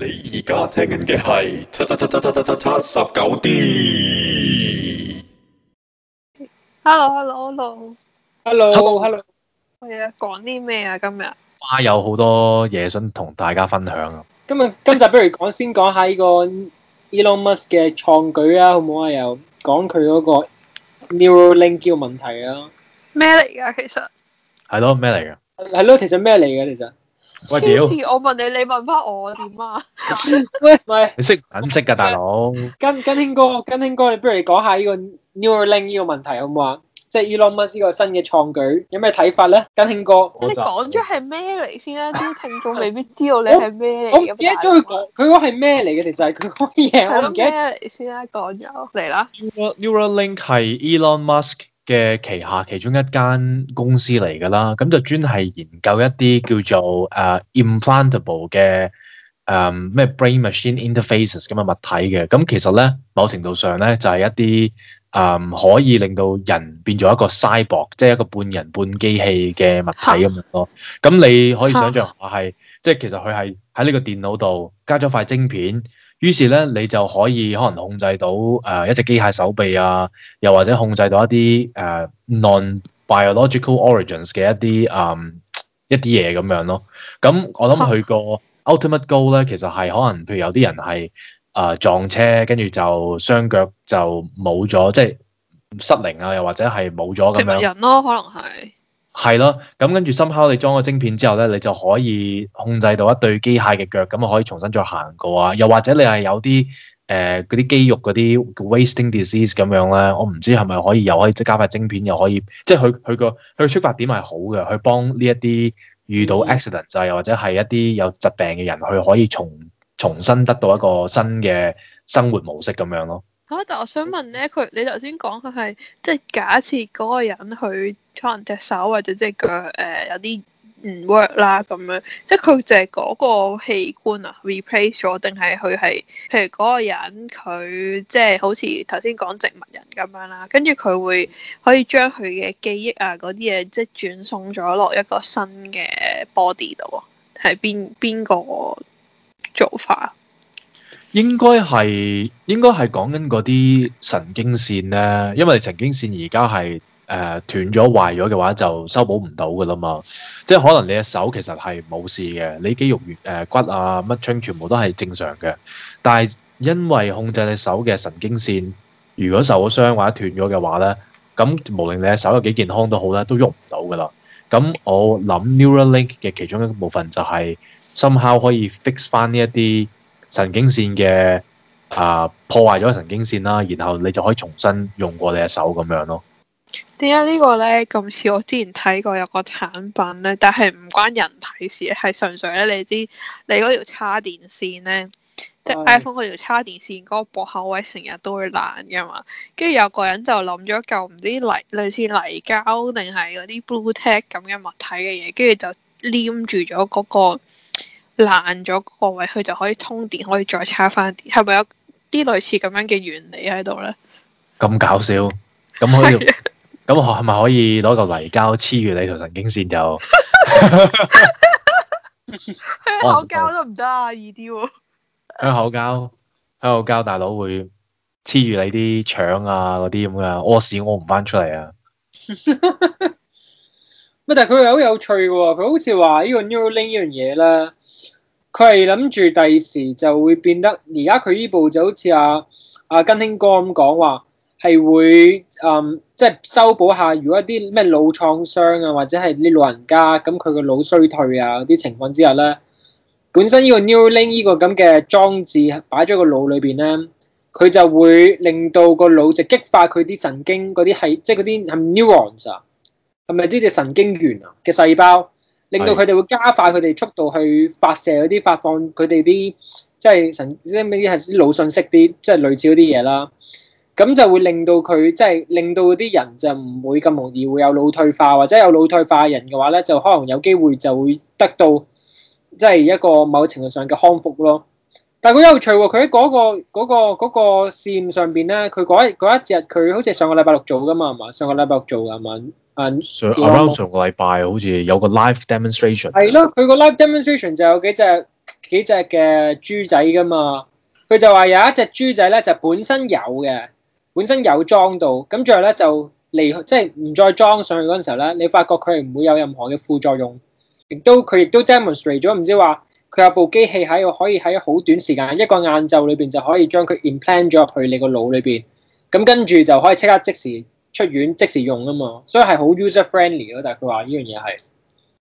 你而家聽緊嘅係七七七七七七七七十九 D。Hello，hello，hello，hello，hello。hello 係啊，講啲咩啊？今日，我有好多嘢想同大家分享啊。今日今集，不如講先講下呢個 Elon Musk 嘅創舉啊，好唔好啊？又講佢嗰個 Neuralink 叫問題啊。咩嚟噶？其實係咯，咩嚟噶？係咯，其實咩嚟噶？其實。喂屌！我問你，你問翻我點啊？喂，唔係你識唔識噶大佬？跟跟興哥，跟興哥，你不如嚟講下呢個 Neuralink 呢個問題好唔好啊？即係 Elon Musk 呢個新嘅創舉，有咩睇法？咧？跟興哥，你講咗係咩嚟，先啦？啲聽眾未必知道你係咩嚟。我唔記得咗佢講，佢講係咩嚟嘅？其實係佢講嘢，我唔記得先啦。講咗嚟啦。Neuralink 係 Elon Musk。嘅旗下其中一間公司嚟㗎啦，咁就專係研究一啲叫做誒、uh, implantable 嘅誒咩、um, brain machine interfaces 咁嘅物體嘅，咁其實咧某程度上咧就係、是、一啲誒、um, 可以令到人變做一個 cyborg，即係一個半人半機器嘅物體咁樣咯。咁你可以想象下係，即係其實佢係喺呢個電腦度加咗塊晶片。於是咧，你就可以可能控制到誒、呃、一隻機械手臂啊，又或者控制到一啲誒、呃、non biological origins 嘅一啲嗯一啲嘢咁樣咯。咁、嗯、我諗佢個 ultimate goal 咧，其實係可能譬如有啲人係啊、呃、撞車，跟住就雙腳就冇咗，即係失靈啊，又或者係冇咗咁樣。植物人咯，可能係。係咯，咁跟住心口你裝咗晶片之後咧，你就可以控制到一對機械嘅腳，咁啊可以重新再行過啊。又或者你係有啲誒啲肌肉嗰啲 wasting disease 咁樣咧，我唔知係咪可以又可以即加塊晶片，又可以即係佢佢個佢嘅出發點係好嘅，去幫呢一啲遇到 accident 啊，又或者係一啲有疾病嘅人，去可以重重新得到一個新嘅生活模式咁樣咯。嚇、啊！但我想問咧，佢你頭先講佢係即係假設嗰個人佢可能隻手或者隻腳誒有啲唔 work 啦咁樣，即係佢就係嗰個器官啊 replace 咗，定係佢係譬如嗰個人佢即係好似頭先講植物人咁樣啦，跟住佢會可以將佢嘅記憶啊嗰啲嘢即係轉送咗落一個新嘅 body 度，啊，係邊邊個做法啊？應該係應該係講緊嗰啲神經線咧，因為神經線而家係誒斷咗壞咗嘅話，就修補唔到噶啦嘛。即係可能你嘅手其實係冇事嘅，你肌肉、誒、呃、骨啊乜春全部都係正常嘅，但係因為控制你手嘅神經線，如果受咗傷或者斷咗嘅話咧，咁無論你嘅手有幾健康都好咧，都喐唔到噶啦。咁我諗 Neuralink 嘅其中一個部分就係 somehow 可以 fix 翻呢一啲。神經線嘅啊、呃、破壞咗神經線啦，然後你就可以重新用過你隻手咁樣咯。點解呢個咧，咁似我之前睇過有個產品咧，但係唔關人體事，係純粹咧，你知你嗰條叉電線咧，是即係 iPhone 嗰條叉電線嗰個駁口位成日都會爛噶嘛。跟住有個人就諗咗嚿唔知泥類似泥膠定係嗰啲 Blu Tack 咁嘅物體嘅嘢，跟住就黏住咗嗰、那個。爛咗個位，佢就可以通電，可以再插翻電。係咪有啲類似咁樣嘅原理喺度咧？咁搞笑，咁 可以，咁係咪可以攞個泥膠黐住你條神經線就 口膠都唔得，易啲喎。香口膠，香口膠大佬會黐住你啲腸啊嗰啲咁噶，屙屎我唔翻出嚟啊。乜？ 但係佢好有趣噶，佢好似話呢個 Neuralink 呢樣嘢咧。佢係諗住第時就會變得，而家佢呢步就好似阿阿根興哥咁講話，係會誒，即係修補一下，如果啲咩腦創傷啊，或者係啲老人家咁佢個腦衰退啊，啲情況之下咧，本身呢個 new link 呢個咁嘅裝置擺咗個腦裏邊咧，佢就會令到個腦就激發佢啲神經，嗰啲係即係嗰啲係 neurons 啊，係咪呢隻神經元啊嘅細胞？令到佢哋會加快佢哋速度去發射嗰啲發放佢哋啲即係神即係啲係啲腦信息啲，即係類似嗰啲嘢啦。咁就會令到佢即係令到啲人就唔會咁容易會有腦退化，或者有腦退化嘅人嘅話咧，就可能有機會就會得到即係一個某程度上嘅康復咯。但係好有趣喎、哦，佢喺嗰個嗰、嗰個嗰、嗰個嗰個、試驗上邊咧，佢嗰一日佢、嗰個、好似上個禮拜六做噶嘛，係嘛？上個禮拜六做噶係嘛？上、so、around 上個禮拜好似有個 live demonstration 係咯，佢 個 live demonstration 就有幾隻幾隻嘅豬仔㗎嘛，佢就話有一隻豬仔咧就本身有嘅，本身有裝到，咁最後咧就離即係唔再裝上去嗰陣時候咧，你發覺佢係唔會有任何嘅副作用，亦都佢亦都 demonstrate 咗，唔知話佢有部機器喺度，可以喺好短時間一個晏晝裏邊就可以將佢 implant 咗入去你個腦裏邊，咁跟住就可以即刻即時。出院即時用啊嘛，所以係好 user friendly 咯。但係佢話呢樣嘢係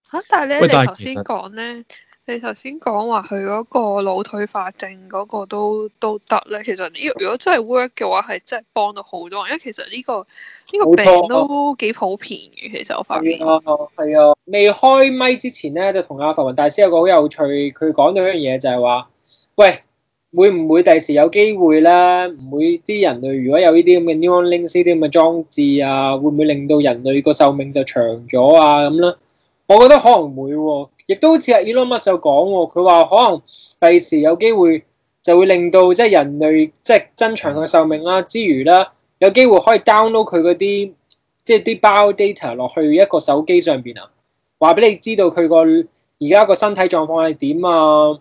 嚇，但係你頭先講咧，你頭先講話佢嗰個腦退化症嗰個都都得咧。其實，如果真係 work 嘅話，係真係幫到好多人，因為其實呢、呢個呢、呢個病都幾普遍嘅。錯其實我發現係啊，未、啊、開咪之前咧，就同阿佛雲大師有個好有趣，佢講到一樣嘢就係話，喂。會唔會第時有機會咧？唔會啲人類如果有呢啲咁嘅 Neuralink 呢啲咁嘅裝置啊，會唔會令到人類個壽命就長咗啊咁咧？我覺得可能會、啊，亦都好似阿 Elon Musk 又講，佢話可能第時有機會就會令到即係人類即係、就是、增長個壽命啦、啊，之餘咧，有機會可以 download 佢嗰啲即係啲、就、bio、是、data 落去一個手機上邊啊，話俾你知道佢個而家個身體狀況係點啊？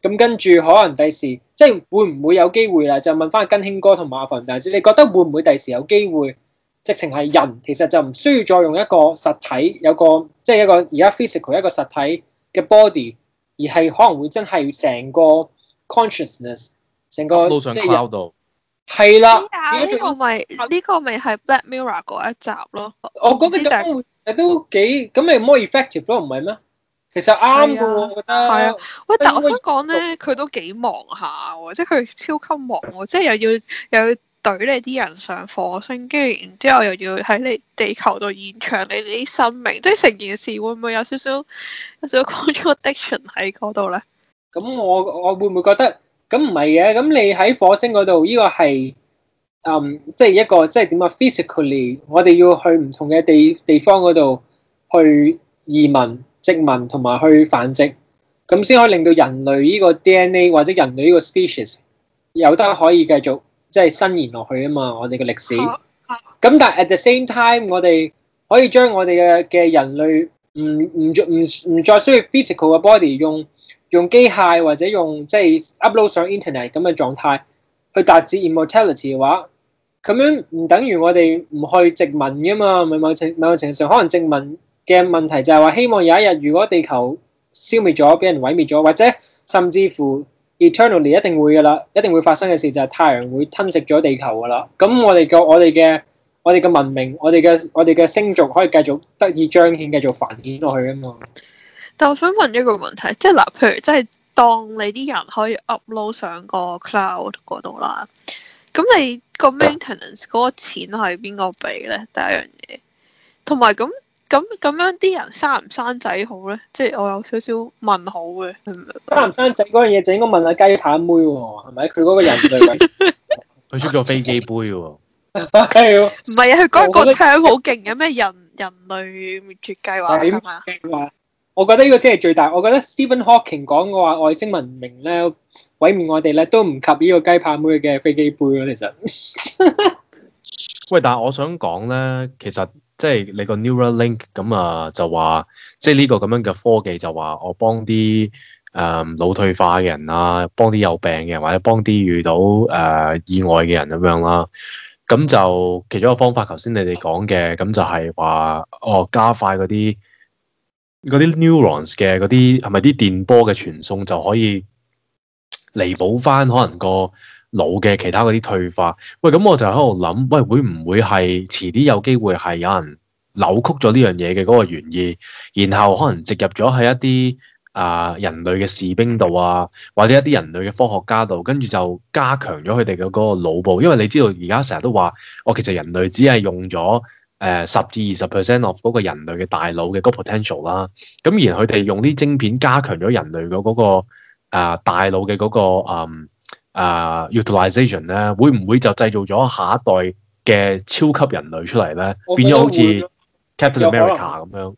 咁跟住可能第時即係會唔會有機會啦？就問翻根興哥同埋阿凡大師，你覺得會唔會第時有機會？直情係人其實就唔需要再用一個實體，有個即係一個而家 physical 一個實體嘅 body，而係可能會真係成個 consciousness 成個路上 cloud 度係啦，呢個咪呢個咪係 Black Mirror 嗰一集咯。我覺得都都幾咁咪 more effective 咯，唔係咩？其實啱嘅，啊、我覺得係啊。喂，但我想講咧，佢、嗯、都幾忙下喎，即係佢超級忙喎，即係又要又要隊你啲人上火星，跟住然之後又要喺你地球度延長你哋啲生命，即係成件事會唔會有少少有少少 contradiction 喺嗰度咧？咁我我會唔會覺得？咁唔係嘅，咁你喺火星嗰度呢個係、嗯、即係一個即係點啊？Physically，我哋要去唔同嘅地地方嗰度去移民。殖民同埋去繁殖，咁先可以令到人類呢個 DNA 或者人類呢個 species 有得可以繼續即係伸延落去啊嘛！我哋嘅歷史。咁但係 at the same time，我哋可以將我哋嘅嘅人類唔唔唔唔再需要 physical 嘅 body，用用機械或者用即係 upload 上 internet 咁嘅狀態去達至 immortality 嘅話，咁樣唔等於我哋唔去殖民噶嘛？某程某情某個程度上，可能殖民。嘅問題就係話，希望有一日，如果地球消滅咗，俾人毀滅咗，或者甚至乎 eternally 一定會噶啦，一定會發生嘅事就係太陽會吞噬咗地球噶啦。咁我哋嘅我哋嘅我哋嘅文明，我哋嘅我哋嘅星族可以繼續得以彰顯，繼續繁衍落去啊嘛。但我想問一個問題，即係嗱，譬如即係當你啲人可以 upload 上個 cloud 嗰度啦，咁你個 maintenance 嗰個錢係邊個俾咧？第一樣嘢，同埋咁。咁咁樣啲人生唔生仔好咧？即係我有少少問號嘅。是是生唔生仔嗰樣嘢就應該問下雞扒妹喎，啊，係咪？佢嗰個人類，佢出咗飛機杯嘅。唔係啊，佢嗰個 team 好勁嘅咩？人人類滅絕計劃。計劃？ 我覺得呢個先係最大。我覺得 Stephen Hawking 講嘅話，外星文明咧，毀滅我哋咧，都唔及呢個雞扒妹嘅飛機杯咯。其實。喂，但係我想講咧，其實。即係你個 neural link, 即這個 neural link 咁啊，就話即係呢個咁樣嘅科技就話，我幫啲誒腦退化嘅人啊，幫啲有病嘅人，或者幫啲遇到誒、呃、意外嘅人咁樣啦。咁就其中一個方法，頭先你哋講嘅，咁就係話我加快嗰啲啲 neurons 嘅嗰啲係咪啲電波嘅傳送就可以彌補翻可能個。腦嘅其他嗰啲退化，喂，咁我就喺度諗，喂，會唔會係遲啲有機會係有人扭曲咗呢樣嘢嘅嗰個原意，然後可能植入咗喺一啲啊、呃、人類嘅士兵度啊，或者一啲人類嘅科學家度，跟住就加強咗佢哋嘅嗰個腦部，因為你知道而家成日都話，我其實人類只係用咗誒十至二十 percent of 嗰個人類嘅大腦嘅嗰個 potential 啦、啊，咁而佢哋用啲晶片加強咗人類嘅嗰、那個啊、呃、大腦嘅嗰個嗯。啊 utilization 咧，uh, ization, 會唔會就製造咗下一代嘅超級人類出嚟咧？變咗好似 Captain America 咁樣。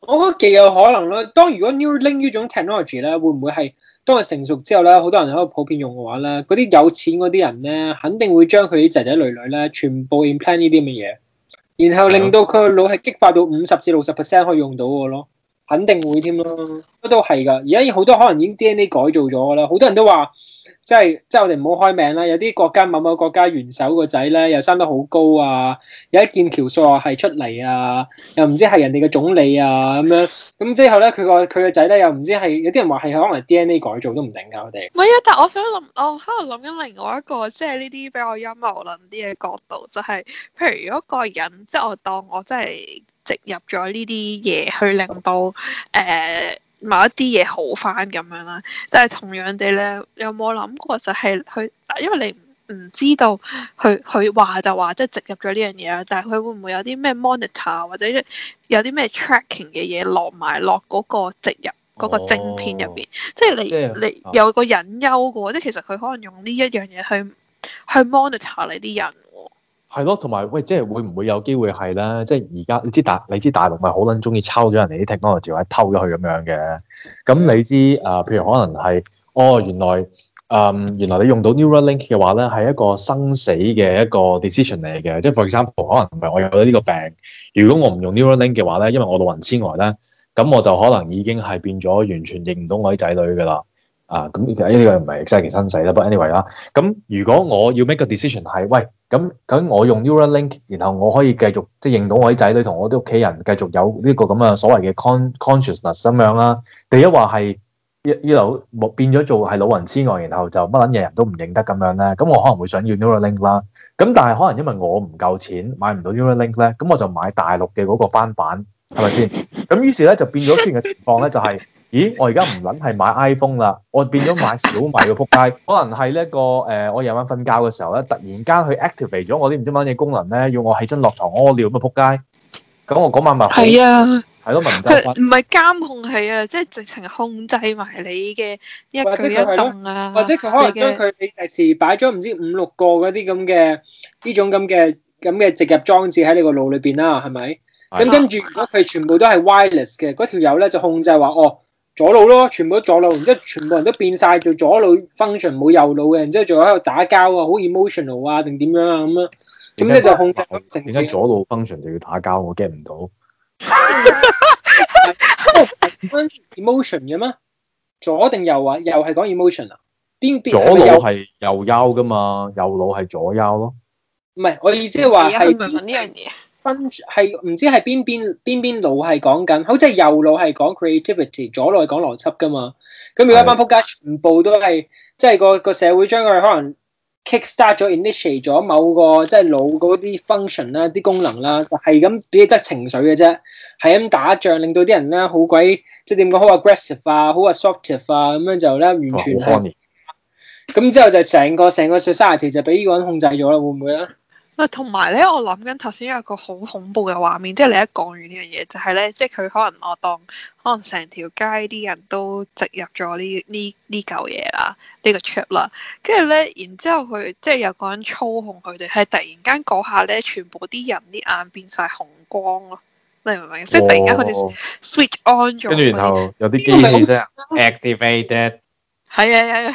我覺得極有可能咯。當如果 new link 呢種 technology 咧，會唔會係當佢成熟之後咧，好多人喺度普遍用嘅話咧，嗰啲有錢嗰啲人咧，肯定會將佢啲仔仔女女咧，全部 implant 呢啲咁嘅嘢，然後令到佢嘅腦係激發到五十至六十 percent 可以用到嘅咯。肯定會添咯，都都係噶。而家好多可能已經 DNA 改造咗噶啦。好多人都話，即係即係我哋唔好開名啦。有啲國家某某國家元首個仔咧，又生得好高啊，有一劍橋數學系出嚟啊，又唔知係人哋嘅總理啊咁樣。咁之後咧，佢個佢嘅仔咧又唔知係有啲人話係可能 DNA 改造都唔定㗎。我哋唔係啊，但係我想諗，我可能諗緊另外一個即係呢啲比較陰謀論啲嘅角度，就係、是、譬如如果個人即係、就是、我當我真係。植入咗呢啲嘢去令到誒、呃、某一啲嘢好翻咁樣啦，但係同樣地咧，有冇諗過就係佢，因為你唔知道佢佢話就話，即係植入咗呢樣嘢啦。但係佢會唔會有啲咩 monitor 或者有啲咩 tracking 嘅嘢落埋落嗰個植入嗰、嗰個晶片入邊？哦、即係你、啊、你有個隱憂嘅喎，即係其實佢可能用呢一樣嘢去去 monitor 你啲人。係咯，同埋喂，即係會唔會有機會係咧？即係而家你知大，你知大陸咪好撚中意抄咗人哋啲 technology，或者偷咗佢咁樣嘅。咁你知啊、呃，譬如可能係哦，原來誒、呃、原來你用到 Neuralink 嘅話咧，係一個生死嘅一個 decision 嚟嘅。即係 for example，可能唔係我有咗呢個病，如果我唔用 Neuralink 嘅話咧，因為我老人痴呆咧，咁我就可能已經係變咗完全認唔到我啲仔女噶啦。啊，咁，這、呢個又唔係 exact 嘅身世啦，but anyway 啦。咁如果我要 make 個 decision 係，喂，咁咁我用 Neuralink，然後我可以繼續即係認到我啲仔女同我啲屋企人繼續有呢個咁嘅所謂嘅 consciousness 咁樣啦。第一話係一呢樓變咗做係老人痴呆，然後就乜撚嘢人都唔認得咁樣咧。咁我可能會想要 Neuralink 啦。咁但係可能因為我唔夠錢買唔到 Neuralink 咧，咁我就買大陸嘅嗰個翻版，係咪先？咁於是咧就變咗出現嘅情況咧，就係，就係。咦，我而家唔捻係買 iPhone 啦，我變咗買小米嘅仆街。可能係呢一個誒，我夜晚瞓覺嘅時候咧，突然間佢 activate 咗我啲唔知乜嘢功能咧，要我起身落牀屙尿咁啊，仆街。咁我嗰晚咪係啊，係咯，聞唔得。佢唔係監控係啊，即係直情控制埋你嘅一舉一動啊。或者佢可能將佢時擺咗唔知五六個嗰啲咁嘅呢種咁嘅咁嘅植入裝置喺你個腦裏邊啦，係咪？咁跟住如果佢全部都係 wireless 嘅，嗰條友咧就控制話哦。左腦咯，全部都左腦，然之後全部人都變晒，做左腦 function 冇右腦嘅，然之後仲喺度打交啊，好 emotional 啊，定點樣啊咁啊？咁咧什就控制唔成點解、啊、左腦 function 就要打交？我 get 唔到。 哦、emotion 嘅咩？左定右啊？又係講 emotion 啊？邊邊左腦係右腰噶嘛？右腦係左腰咯。唔係，我嘅意思係話係。係問呢樣嘢。分係唔知係邊邊邊邊腦係講緊，好似係右腦係講 creativity，左腦係講邏輯噶嘛。咁如果一班仆街全部都係，即係個個社會將佢可能 kick start 咗，initiate 咗某個即係腦嗰啲 function 啦，啲功能啦，就係咁只得情緒嘅啫，係咁打仗，令到啲人咧好鬼即係點講，好，就是，aggressive 啊，好 assertive 啊，咁樣就咧完全。好多咁之後就成個成個 society 就俾呢個人控制咗啦，會唔會咧？同埋咧，我諗緊頭先有個好恐怖嘅畫面，即係你一講完呢樣嘢，就係、是、咧，即係佢可能我當可能成條街啲人都植入咗呢呢呢舊嘢啦，呢、這個 chip 啦，跟住咧，然之後佢即係有個人操控佢哋，係突然間嗰下咧，全部啲人啲眼變晒紅光咯，你明唔明？哦、即係突然間佢哋 switch on 咗。跟住然後有啲機器 activate。係啊 係啊，啊啊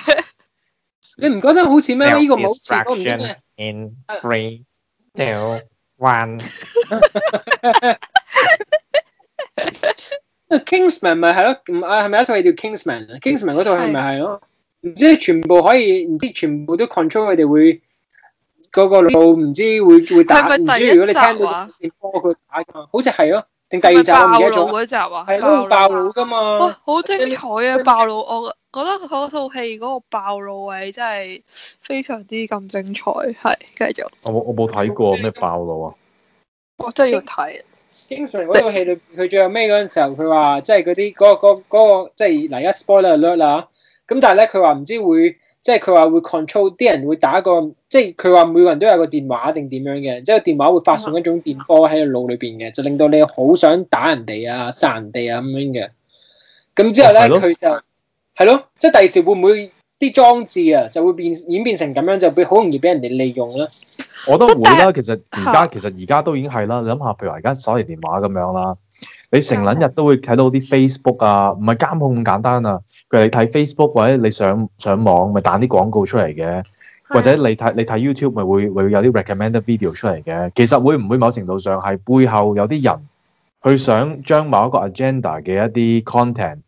你唔覺得好似咩？呢個冇事都 in frame 屌，完 啊，Kingsman 咪係咯，唔係係咪？一套戲叫 Kingsman，Kingsman 嗰套係咪係咯？唔知你全部可以，唔知全部都 control 佢哋會嗰、那個部，唔知會會打，唔知如果你聽到話你幫佢打噶，好似係咯，定第二集唔記得咗一集啊，係都的爆暴露噶嘛哇，好、哦、精彩啊，暴露我。覺得嗰套戲嗰個爆露位真係非常之咁精彩，係繼續。我冇我冇睇過咩爆露啊！我真係要睇。Kingston 嗰套戲佢佢最後咩嗰陣時候，佢話即係嗰啲、嗰個嗰個即係嚟一 spoiler alert 啦。咁但係咧佢話唔知會即係佢話會 control 啲人會打個即係佢話每個人都有個電話定點樣嘅，即係個電話會發送一種電波喺個腦裏邊嘅，就令到你好想打人哋啊、殺人哋啊咁樣嘅。咁之後咧佢 對就。係咯，即係第時會唔會啲裝置啊，就會變演變成咁樣，就會好容易俾人哋利用啦。我都會啦，其實而家其實而家都已經係啦。你諗下，譬如話而家手提電話咁樣啦，你成撚日都會睇到啲 Facebook 啊，唔係監控咁簡單啊。譬如你睇 Facebook 或者你上上網，咪彈啲廣告出嚟嘅，或者你睇你睇 YouTube 咪會會有啲 recommended video 出嚟嘅。其實會唔會某程度上係背後有啲人，去想將某一個 agenda 嘅一啲 content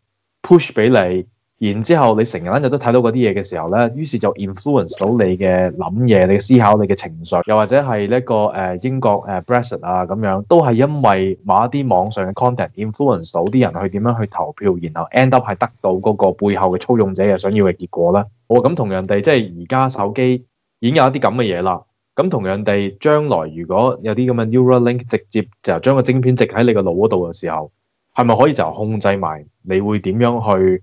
push 俾你？然之後你你，你成日日都睇到嗰啲嘢嘅時候呢，於是就 influence 到你嘅諗嘢、你嘅思考、你嘅情緒，又或者係呢個誒英國誒 Brexit 啊咁樣，都係因為某一啲網上嘅 content influence 到啲人去點樣去投票，然後 end up 係得到嗰個背後嘅操用者嘅想要嘅結果咧。好啊，咁、嗯、同樣地，即係而家手機已經有一啲咁嘅嘢啦。咁、嗯、同樣地，將來如果有啲咁嘅 neural link 直接就將個晶片植喺你個腦嗰度嘅時候，係咪可以就控制埋你會點樣去？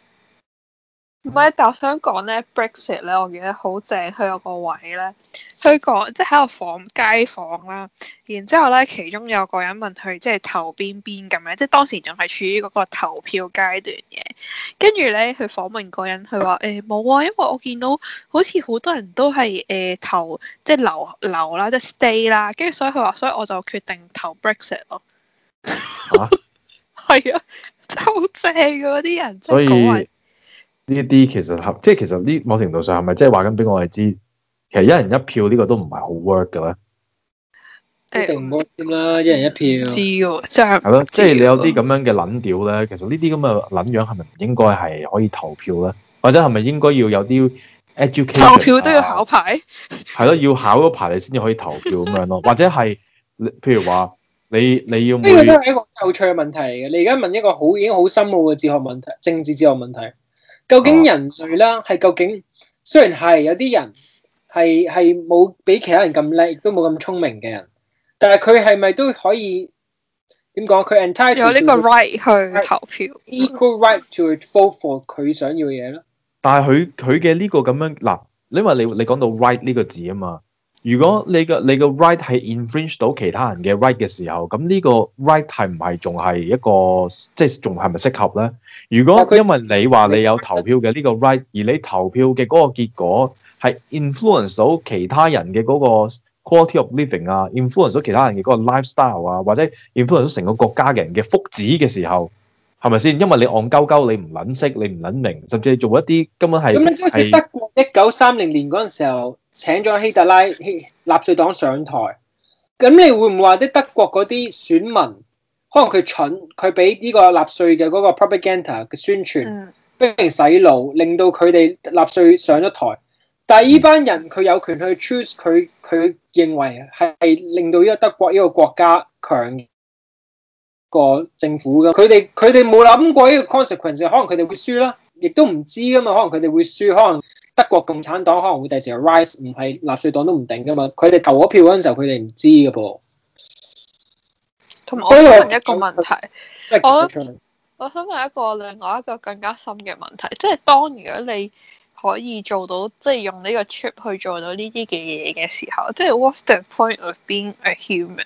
唔係，但我想講咧，Brexit 咧，我見得好正。佢有個位咧，佢講即係喺度訪街訪啦，然之後咧，其中有個人問佢即係投邊邊咁樣，即係當時仲係處於嗰個投票階段嘅。跟住咧，佢訪問嗰人，佢話誒冇啊，因為我見到好似好多人都係誒、呃、投即係留留啦，即係 Stay 啦，跟住所以佢話，所以我就決定投 Brexit 咯。係 啊，真係好正啊！啲人真係。即呢啲其實即係其實呢某程度上係咪即係話緊俾我哋知，其實一人一票呢個都唔係好 work 嘅咧。即係唔好啦，一人一票。知喎，即係係咯，即係、就是、你有啲咁樣嘅捻調咧，其實呢啲咁嘅捻樣係咪唔應該係可以投票咧？或者係咪應該要有啲 education？投票都要考牌？係 咯，要考咗牌你先至可以投票咁樣咯， 或者係譬如話你你要呢個都係一個有趣嘅問題嘅。你而家問一個好已經好深奧嘅哲學問題，政治哲學問題。究竟人類啦，係究竟雖然係有啲人係係冇比其他人咁叻，亦都冇咁聰明嘅人，但係佢係咪都可以點講？佢 entitled 呢個 right 去投票，equal right to vote for 佢想要嘢咯 但係佢佢嘅呢個咁樣嗱，因為你你講到 right 呢個字啊嘛。如果你嘅你嘅 right 係 infringe 到其他人嘅 right 嘅時候，咁呢個 right 係唔係仲係一個即係仲係咪適合咧？如果佢因為你話你有投票嘅呢個 right，而你投票嘅嗰個結果係 influence 到其他人嘅嗰個 quality of living 啊，influence 到其他人嘅嗰個 lifestyle 啊，或者 influence 到成個國家嘅人嘅福祉嘅時候，係咪先？因為你戇鳩鳩，你唔撚識，你唔撚明，甚至做一啲根本係咁。你即係德國一九三零年嗰陣時候請咗希特拉納粹黨上台，咁你會唔會話啲德國嗰啲選民可能佢蠢，佢俾呢個納粹嘅嗰個 propaganda 嘅宣傳不停洗腦，令到佢哋納粹上咗台。但係呢班人佢有權去 choose 佢，佢認為係令到呢個德國呢個國家強。個政府嘅，佢哋佢哋冇諗過呢個 consequence，可能佢哋會輸啦，亦都唔知噶嘛，可能佢哋會輸，可能德國共產黨可能會第時 rise，唔係納粹黨都唔定噶嘛，佢哋投咗票嗰陣時候，佢哋唔知噶噃。同埋，我想問一個問題，我、嗯、我想問一個，嗯，我想問一個另外一個更加深嘅問題，即係當如果你可以做到，即係用呢個 chip 去做到呢啲嘅嘢嘅時候，即係 what's the point of being a human？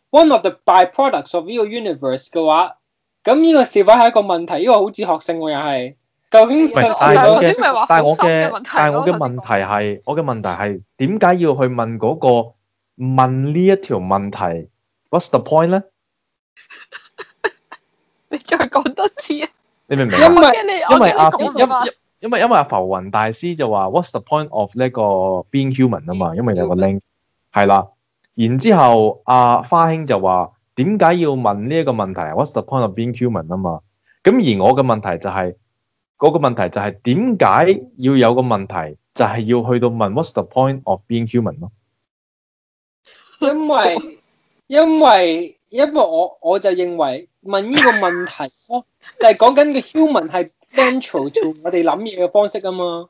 one of the byproducts of 呢個 universe 嘅話，咁呢個是否係一個問題，呢個好哲學性又係。究竟但係我嘅但係我嘅但係我嘅問題係我嘅問題係點解要去問嗰個問呢一條問題？What's the point 咧？你再講多次啊！你明唔明？因為因為阿因為因為阿浮雲大師就話：What's the point of 呢個 being human 啊？嘛，因為有個 link 係啦。然之後，阿、啊、花兄就話：點解要問呢一個問題？What's the point of being human 啊嘛？咁而我嘅問題就係、是、嗰、那個問題就係點解要有個問題就係、是、要去到問 What's the point of being human 咯？因為因為因為我我就認為問呢個問題咯，就係講緊個 human 係 central to 我哋諗嘢嘅方式啊嘛。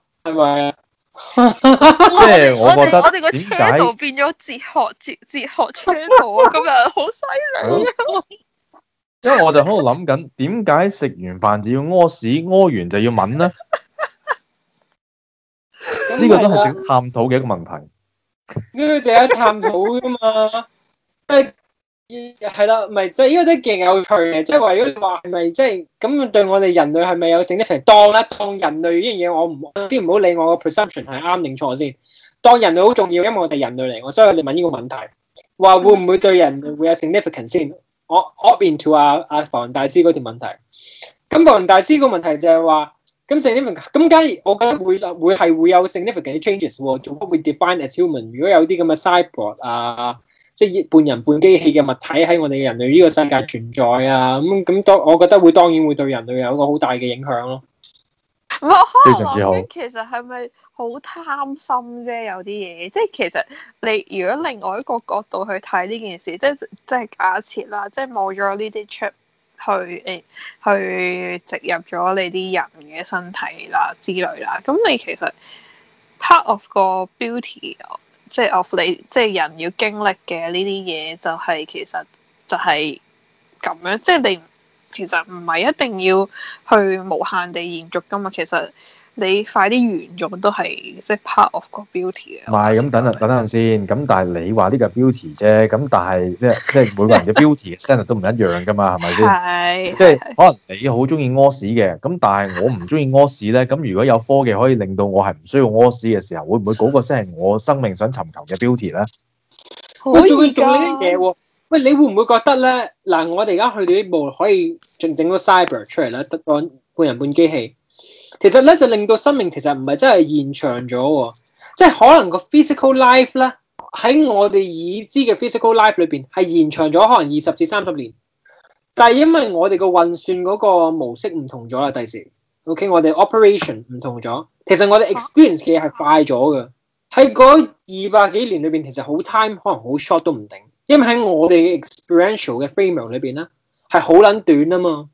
係咪？即係我哋，我哋個 channel 變咗哲學哲哲學 channel 啊！今日好犀利啊！因為我就喺度諗緊，點解食完飯就要屙屎，屙完就要抆呢？呢、 嗯、個都係值得探討嘅一個問題。呢個淨係探討噶嘛？即係。係啦，咪即係呢個都幾有趣嘅，即係如果你話係咪即係咁對我哋人類係咪有 significance 當咧？當人類呢樣嘢，我唔啲唔好理我個 perception、um、係啱定錯先。當人類好重要，因為我哋人類嚟，所以我哋問呢個問題，話會唔會對人類會有 significance 先？我 opt into 阿阿房大師嗰條問題。咁房大師個問題就係話，咁咁梗係我覺得會啦，會係會有 significant changes 做乜會 define as human？如果有啲咁嘅 cyborg 啊？即半人半機器嘅物體喺我哋人類呢個世界存在啊！咁咁當我覺得會當然會對人類有一個好大嘅影響咯、啊。唔係，可能其實係咪好貪心啫、啊？有啲嘢即係其實你如果另外一個角度去睇呢件事，即係即係假設啦，即係冇咗呢啲 chip 去誒、欸、去植入咗你啲人嘅身體啦之類啦，咁你其實 part of 個 beauty。即係 of 你，即係人要經歷嘅呢啲嘢，就係其實就係咁樣。即係你其實唔係一定要去無限地延續噶嘛，其實。你快啲完咗都係即係 part of 個 beauty，唔係咁等等，等等先。咁但係你話呢個 beauty 啫。咁但係即係即係每個人嘅 beauty 嘅聲都唔一樣噶嘛？係咪先？即係是是可能你好中意屙屎嘅。咁但係我唔中意屙屎咧。咁的如果有科技可以令到我係唔需要屙屎嘅時候，會唔會嗰個聲係我生命想尋求嘅 beauty 咧？會、啊、做佢做呢啲嘢？喂，你會唔會覺得咧？嗱，我哋而家去到呢部可以整整個 cyber 出嚟咧，得個半人半機器。其實咧就令到生命其實唔係真係延長咗喎，即係可能個 physical life 咧喺我哋已知嘅 physical life 裏邊係延長咗可能二十至三十年，但係因為我哋嘅運算嗰個模式唔同咗啦，第時，OK 我哋 operation 唔同咗，其實我哋 experience 嘅係快咗嘅，喺嗰二百幾年裏邊其實好 time 可能好 short 都唔定，因為喺我哋嘅 experiential 嘅 frame 裏邊咧係好撚短啊嘛。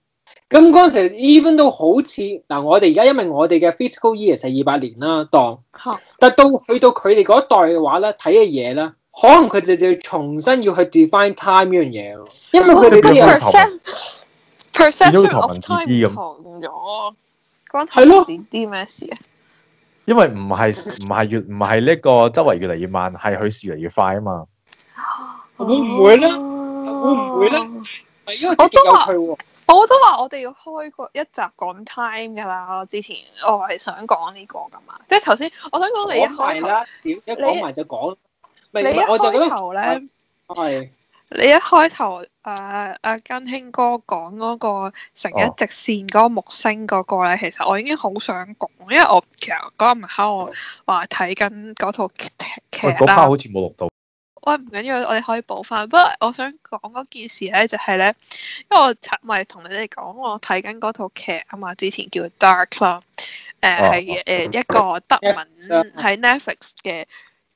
咁嗰陣時，even 都好似嗱，我哋而家因為我哋嘅 fiscal year 係二百年啦，當，但到去到佢哋嗰一代嘅話咧，睇嘅嘢咧，可能佢哋就要重新要去 define time 呢樣嘢咯，因為佢哋點樣投啊？點樣投慢啲咁？係咯 Per 類？關投慢啲咩事啊？因為唔係唔係越唔係呢個周圍越嚟越慢，係佢越嚟越快啊嘛？會唔會咧、 啊？會唔會咧？係因為特別有趣我都話我哋要開過一集講 time 㗎啦，我之前我係想講呢個噶嘛，即係頭先我想講你一開頭，你一講埋就講，你，是你一開頭咧，係、哎哎、你一開頭，誒阿根興哥講嗰個成一直線嗰個木星嗰個咧，其實我已經好想講，因為我其實嗰日我話睇緊嗰套劇，嗰包、哎啦哎、好似冇錄到。喂，唔緊要，我哋可以補翻。不過我想講嗰件事咧，就係咧，因為我咪同你哋講，我睇緊嗰套劇啊嘛，之前叫 Dark 咯，誒係誒一個德文喺 Netflix 嘅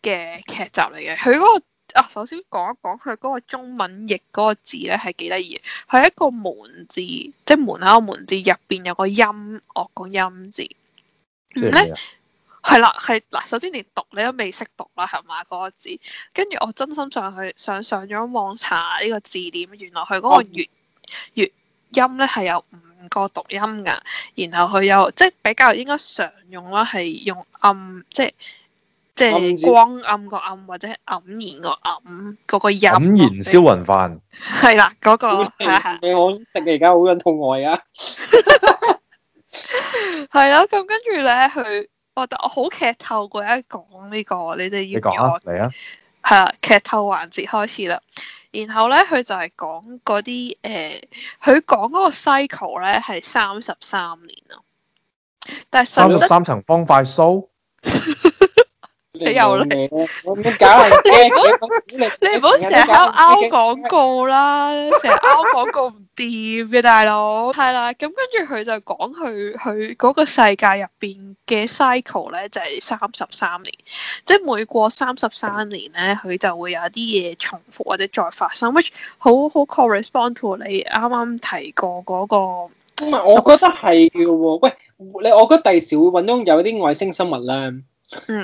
嘅劇集嚟嘅。佢嗰個啊，首先講一講佢嗰個中文譯嗰個字咧，係幾得意。係一個門字，即係門口門字入邊有個音樂個音字咧的係啦，係嗱，首先連讀你都未識讀啦，係嘛嗰個字。跟住我真心上去上上咗網查呢個字典，原來佢嗰個粵粵、哦、音咧係有五個讀音噶。然後佢有即係比較應該常用啦，係用暗即係即係光暗個暗或者黯然個暗」那。嗰個音。黯然銷魂飯係啦，嗰、那個你好我而家好忍痛愛啊！係啦， 咁跟住咧佢。我我好劇透，我一講呢個，你哋要我嚟啊？係啊，劇透環節開始啦。然後咧，佢就係講嗰啲誒，佢講嗰個 cycle 咧係三十三年咯。但係三十三層方塊酥。你又嚟？我唔得搞你，你唔好成日拗拗廣告啦！成日拗廣告唔掂嘅大佬，係啦。咁跟住佢就講佢佢嗰個世界入邊嘅 cycle 咧，就係三十三年，即係每過三十三年咧，佢就會有啲嘢重複或者再發生，which 好好 correspond to 你啱啱提過嗰、那個、嗯嗯我。我覺得係。喂，你我覺得第時會揾到有啲外星生物咧。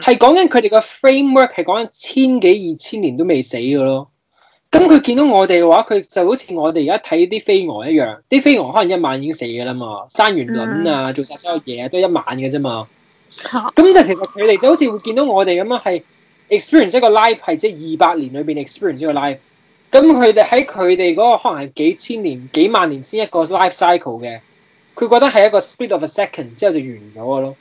係講緊佢哋個 framework，係講緊千幾二千年都未死嘅咯。咁佢見到我哋嘅話，佢就好似我哋而家睇啲飛蛾一樣，啲飛蛾可能一晚已經死嘅啦嘛，生完卵啊，做晒所有嘢都一晚嘅啫嘛。咁就其實佢哋就好似會見到我哋咁樣係 experience 一個 life，係即係二百年裏邊 experience 一個 life，那個。咁佢哋喺佢哋嗰個可能係幾千年、幾萬年先一個 life cycle 嘅，佢覺得係一個 split of a second 之後就完咗嘅咯。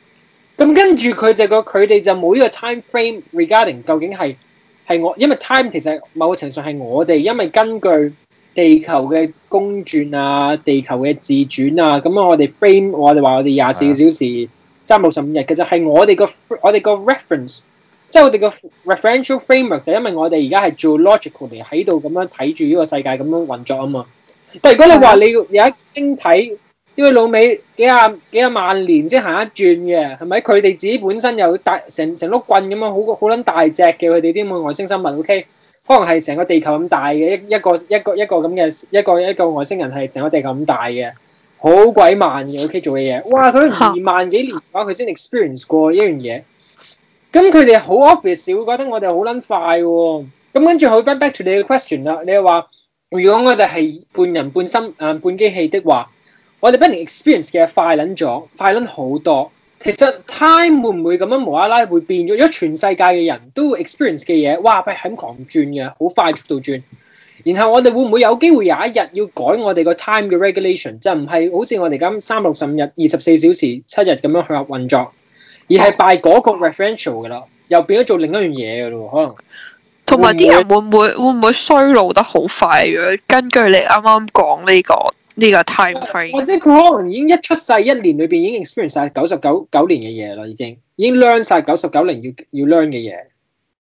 咁跟住佢就個佢哋就冇呢個 time frame regarding 究竟係係我，因為 time 其實某個程度上係我哋，因為根據地球嘅公轉啊、地球嘅自轉啊，咁啊我哋 frame 我哋話我哋廿四小時，即係三百六十五日嘅就係、是、我哋個我哋個 reference，即係我哋個 referential framework 就因為我哋而家係做 logical 嚟喺度咁樣睇住呢個世界咁樣運作啊嘛。但係如果你話你有一星體。因為老美幾廿幾廿萬年先行一轉嘅，係咪？佢哋自己本身又大成成碌棍咁樣，好好撚大隻嘅佢哋啲外星生物，OK？可能係成個地球咁大嘅一一個一個一個咁嘅一個一個,一個外星人係成個地球咁大嘅，好鬼慢嘅 OK 做嘅嘢。哇！佢二萬幾年嘅話，佢先 experience 過一樣嘢。咁佢哋好 obvious 會覺得我哋好撚快喎。咁跟住我回翻 back to 你嘅 question 啦。你話如果我哋係半人半心啊半機器的話。我哋每年 experience 嘅快捻咗，快捻好多。其實 time 會唔會咁樣無啦啦會變咗？如果全世界嘅人都 experience 嘅嘢，哇，係咁狂轉嘅，好快速度轉。然後我哋會唔會有機會有一日要改我哋個 time 嘅 regulation，就唔係好似我哋咁三六十五日、二十四小時、七日咁樣配合運作，而係拜嗰個 referential 嘅啦，又變咗做另一樣嘢噶咯？可能同埋啲人會唔會會唔會衰老得好快？如果根據你啱啱講呢個？呢個 time frame，或者佢可能已經一出世一年裏邊已經 experience 晒九十九九年嘅嘢咯，已經已經 learn 晒九十九年要要 learn 嘅嘢。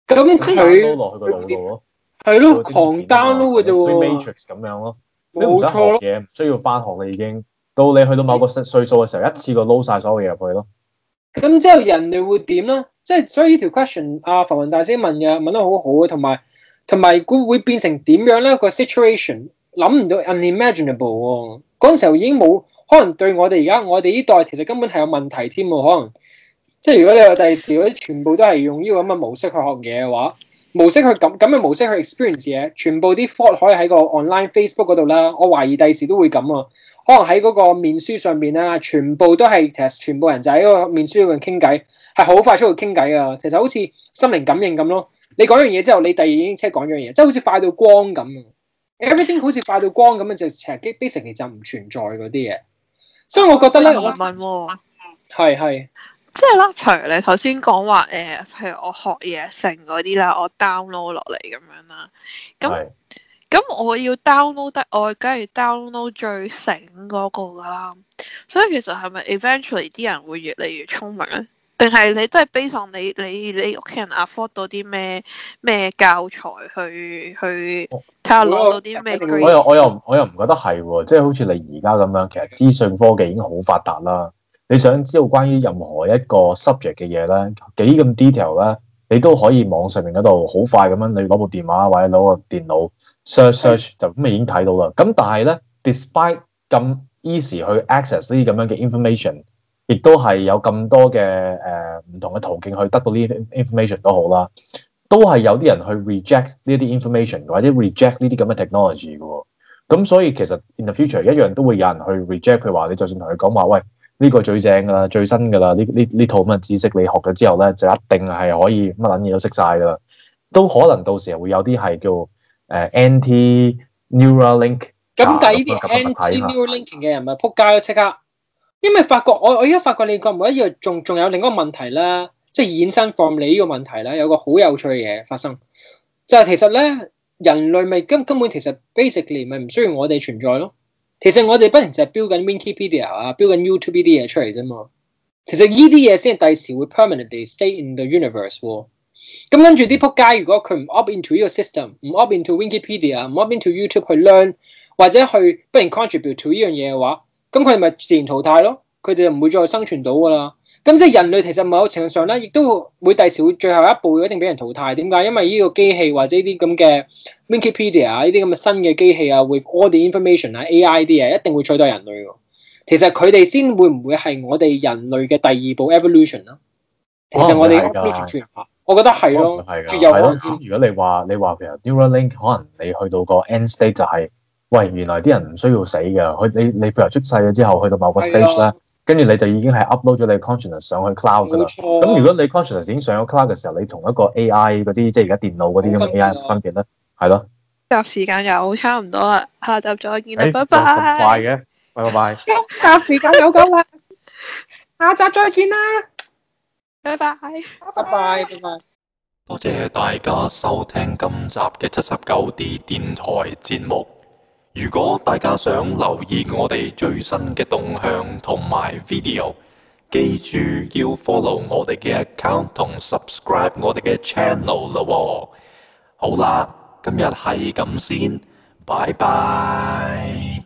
咁佢 download 落去個腦度咯，係咯 download 嘅啫喎。就是、Matrix 咁樣咯，冇錯咯。唔需要返學啦，已經到你去到某個歲歲數嘅時候，一次過 load 晒所有嘢入去咯。咁之後人類會點咧？即係所以呢條 question，阿、啊、浮雲大師問嘅問得好好同埋同埋會會變成點樣咧個 situation？諗唔到 unimaginable 喎！嗰陣時候已經冇可能對我哋，而家我哋呢代其實根本係有問題添喎，可能即係如果你話第時啲全部都係用呢個咁嘅模式去學嘢嘅話，模式去咁咁嘅模式去 experience 嘢，全部啲 fault 可以喺個 online Facebook 嗰度啦。我懷疑第時都會咁啊，可能喺嗰個面書上面啦，全部都係其實全部人就喺個面書度傾偈，係好快出去傾偈啊！其實好似心靈感應咁咯，你講樣嘢之後，你第二已經即係講樣嘢，即係好似快到光咁 Everything 好似快到光咁樣，就成日基啲成件事就唔存在嗰啲嘢，所以我覺得咧，唔係喎，係、嗯、係，即係咧，譬、嗯、如你頭先講話誒，譬、呃、如我學嘢成嗰啲啦，我 download 落嚟咁樣啦，咁咁是我要 download 得我，梗係 download 最醒嗰個㗎啦，所以其實係咪 eventually 啲人會越嚟越聰明咧？定係你真係悲喪？你你你屋企人 afford 到啲咩咩教材去去睇下攞到啲咩具體？我又我又我又唔覺得係喎，即係好似你而家咁樣，其實資訊科技已經好發達啦。你想知道關於任何一個 subject 嘅嘢咧，幾咁 detail 咧，你都可以網上面嗰度好快咁樣，你攞部電話或者攞個電腦 search search 是的 就咁已經睇到啦。咁但係咧，despite 咁 easy 去 access 呢啲咁樣嘅 information。亦都係有咁多嘅誒唔同嘅途徑去得到呢啲 information 都好啦，都係有啲人去 reject 呢啲 information，或者 reject 呢啲咁嘅 technology 嘅。咁所以其實 in the future 一樣都會有人去 reject，譬如話你就算同佢講話，喂，呢個最正㗎啦，最新㗎啦，呢呢呢套咁嘅知識你學咗之後咧就一定係可以乜撚嘢都識晒㗎啦。都可能到時候會有啲係叫誒 anti neural link。咁但係啲 anti neural link 嘅人咪撲街咯，即刻！因為發覺我我而家發覺你覺唔每一樣仲仲有另一個問題啦即係衍生 from 你呢個問題啦有個好有趣嘅嘢發生就係、是、其實咧人類咪根根本其實 basically 咪唔需要我哋存在咯其實我哋不停就係標緊 Wikipedia 啊標緊 YouTube 呢啲嘢出嚟啫嘛其實呢啲嘢先係第時會 permanently stay in the universe 咁跟住啲扑街如果佢唔 up into 呢個 system 唔 up into Wikipedia 唔 up into YouTube 去 learn 或者去不然 contribute to 呢樣嘢嘅話咁佢咪自然淘汰咯，佢哋就唔會再生存到噶啦。咁即係人類，其實某程度上咧，亦都會第時會最後一步一定俾人淘汰。點解？因為呢個機器或者呢啲咁嘅 Wikipedia 啊，呢啲咁嘅新嘅機器啊，with all the information 啊，AI 啲嘢一定會取代人類。其實佢哋先會唔會係我哋人類嘅第二步 evolution 啦？其實我哋 evolution 有我覺得係咯有，如果你話你話譬如 Neuralink 可能你去到個 end state 就係、是。喂，原來啲人唔需要死嘅，佢你你譬如出世咗之後，去到某個 stage 啦，跟住你就已經係 upload 咗你嘅 consciousness 上去 cloud 噶啦。咁如果你 consciousness 已經上咗 cloud 嘅時候，你同一個 AI 嗰啲，即係而家電腦嗰啲咁嘅 AI 分別咧，係咯。集時間又差唔多啦，下集再見啦，拜拜。咁快嘅，拜拜拜。集時間有咁啦，下集再見啦，拜拜拜拜。多謝大家收聽今集嘅七十九 D 電台節目。如果大家想留意我哋最新嘅動向同埋 video，記住要 follow 我哋嘅 account 同 subscribe 我哋嘅 channel 啦喎。好啦，今日係咁先，拜拜。